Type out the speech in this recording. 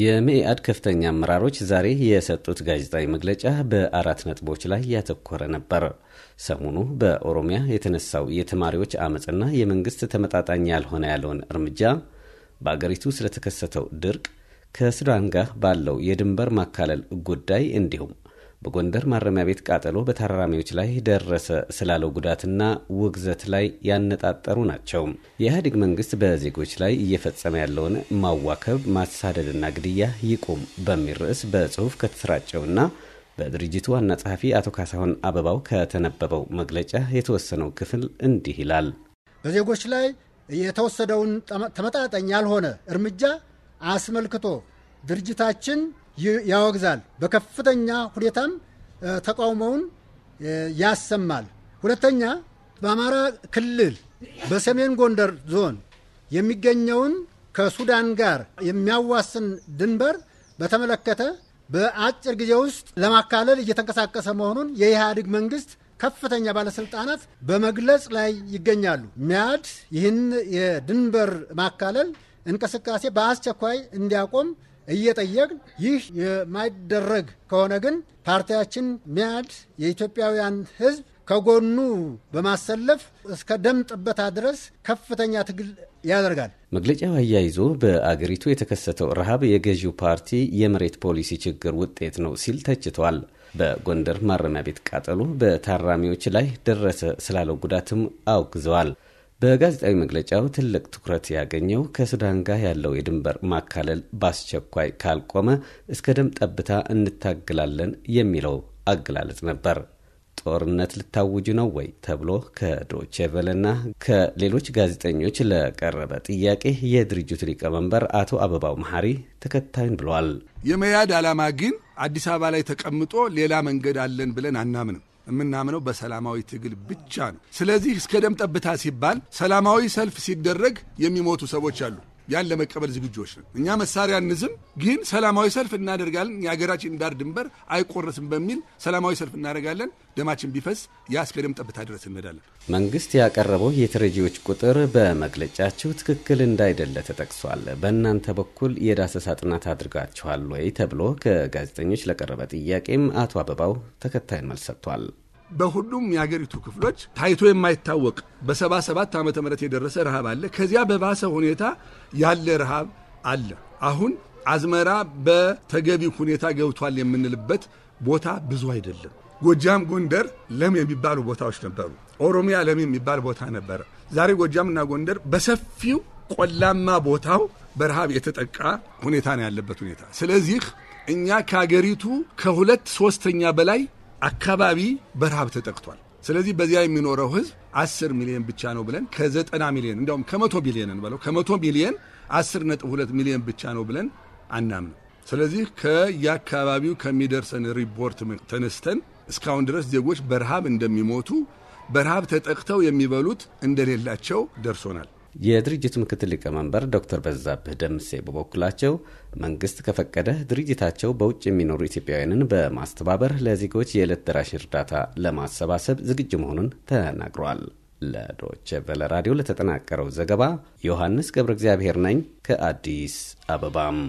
የመኢአድ ከፍተኛ አመራሮች ዛሬ የሰጡት ጋዜጣዊ መግለጫ በአራት ነጥቦች ላይ ያተኮረ ነበር። ሰሞኑ በኦሮሚያ የተነሳው የተማሪዎች አመፅና የመንግስት ተመጣጣኝ ያልሆነ ያለውን እርምጃ፣ በአገሪቱ ስለተከሰተው ድርቅ፣ ከሱዳን ጋር ባለው የድንበር ማካለል ጉዳይ እንዲሁም በጎንደር ማረሚያ ቤት ቃጠሎ በታራሚዎች ላይ ደረሰ ስላለው ጉዳትና ውግዘት ላይ ያነጣጠሩ ናቸው። የኢህአዴግ መንግስት በዜጎች ላይ እየፈጸመ ያለውን ማዋከብ፣ ማሳደድና ግድያ ይቁም በሚል ርዕስ በጽሁፍ ከተሰራጨውና በድርጅቱ ዋና ጸሐፊ አቶ ካሳሁን አበባው ከተነበበው መግለጫ የተወሰነው ክፍል እንዲህ ይላል። በዜጎች ላይ የተወሰደውን ተመጣጣኝ ያልሆነ እርምጃ አስመልክቶ ድርጅታችን ያወግዛል። በከፍተኛ ሁኔታም ተቃውሞውን ያሰማል። ሁለተኛ በአማራ ክልል በሰሜን ጎንደር ዞን የሚገኘውን ከሱዳን ጋር የሚያዋስን ድንበር በተመለከተ በአጭር ጊዜ ውስጥ ለማካለል እየተንቀሳቀሰ መሆኑን የኢህአዴግ መንግስት ከፍተኛ ባለስልጣናት በመግለጽ ላይ ይገኛሉ። ሚያድ ይህን የድንበር ማካለል እንቅስቃሴ በአስቸኳይ እንዲያቆም እየጠየቅን ይህ የማይደረግ ከሆነ ግን ፓርቲያችን ሚያድ የኢትዮጵያውያን ህዝብ ከጎኑ በማሰለፍ እስከ ደም ጥበታ ድረስ ከፍተኛ ትግል ያደርጋል። መግለጫው አያይዞ በአገሪቱ የተከሰተው ረሃብ የገዢው ፓርቲ የመሬት ፖሊሲ ችግር ውጤት ነው ሲል ተችቷል። በጎንደር ማረሚያ ቤት ቃጠሎ በታራሚዎች ላይ ደረሰ ስላለው ጉዳትም አውግዘዋል። በጋዜጣዊ መግለጫው ትልቅ ትኩረት ያገኘው ከሱዳን ጋር ያለው የድንበር ማካለል በአስቸኳይ ካልቆመ እስከ ደም ጠብታ እንታግላለን የሚለው አገላለጽ ነበር። ጦርነት ልታውጁ ነው ወይ ተብሎ ከዶቼቨለና ከሌሎች ጋዜጠኞች ለቀረበ ጥያቄ የድርጅቱ ሊቀመንበር አቶ አበባው መሐሪ ተከታዩን ብለዋል። የመያድ ዓላማ ግን አዲስ አበባ ላይ ተቀምጦ ሌላ መንገድ አለን ብለን አናምንም። የምናምነው በሰላማዊ ትግል ብቻ ነው። ስለዚህ እስከ ደም ጠብታ ሲባል ሰላማዊ ሰልፍ ሲደረግ የሚሞቱ ሰዎች አሉ። ያን ለመቀበል ዝግጆች ነን። እኛ መሳሪያ እንዝም፣ ግን ሰላማዊ ሰልፍ እናደርጋለን። የሀገራችን ዳር ድንበር አይቆረስም በሚል ሰላማዊ ሰልፍ እናደርጋለን። ደማችን ቢፈስ ያ እስከ ደም ጠብታ ድረስ እንሄዳለን። መንግስት ያቀረበው የተረጂዎች ቁጥር በመግለጫችሁ ትክክል እንዳይደለ ተጠቅሷል። በእናንተ በኩል የዳሰሳ ጥናት አድርጋችኋል ወይ ተብሎ ከጋዜጠኞች ለቀረበ ጥያቄም አቶ አበባው ተከታይን መልስ ሰጥቷል። በሁሉም የአገሪቱ ክፍሎች ታይቶ የማይታወቅ በሰባ ሰባት ዓመተ ምህረት የደረሰ ረሃብ አለ። ከዚያ በባሰ ሁኔታ ያለ ረሃብ አለ። አሁን አዝመራ በተገቢ ሁኔታ ገብቷል የምንልበት ቦታ ብዙ አይደለም። ጎጃም፣ ጎንደር ለም የሚባሉ ቦታዎች ነበሩ። ኦሮሚያ ለም የሚባል ቦታ ነበረ። ዛሬ ጎጃምና ጎንደር በሰፊው ቆላማ ቦታው በረሃብ የተጠቃ ሁኔታ ነው ያለበት ሁኔታ። ስለዚህ እኛ ከአገሪቱ ከሁለት ሶስተኛ በላይ አካባቢ በረሃብ ተጠቅቷል። ስለዚህ በዚያ የሚኖረው ህዝብ 10 ሚሊዮን ብቻ ነው ብለን ከ90 ሚሊዮን እንዲያውም ከ100 ቢሊዮን በለው ከ100 ቢሊዮን 10.2 ሚሊዮን ብቻ ነው ብለን አናምነው ስለዚህ ከየአካባቢው ከሚደርሰን ሪፖርት ተነስተን እስካሁን ድረስ ዜጎች በረሃብ እንደሚሞቱ በረሃብ ተጠቅተው የሚበሉት እንደሌላቸው ደርሶናል። የድርጅቱ ምክትል ሊቀመንበር ዶክተር በዛብህ ደምሴ በበኩላቸው መንግስት ከፈቀደ ድርጅታቸው በውጭ የሚኖሩ ኢትዮጵያውያንን በማስተባበር ለዜጎች የዕለት ደራሽ እርዳታ ለማሰባሰብ ዝግጁ መሆኑን ተናግሯል። ለዶቼ ቬለ ራዲዮ ለተጠናቀረው ዘገባ ዮሐንስ ገብረ እግዚአብሔር ነኝ ከአዲስ አበባም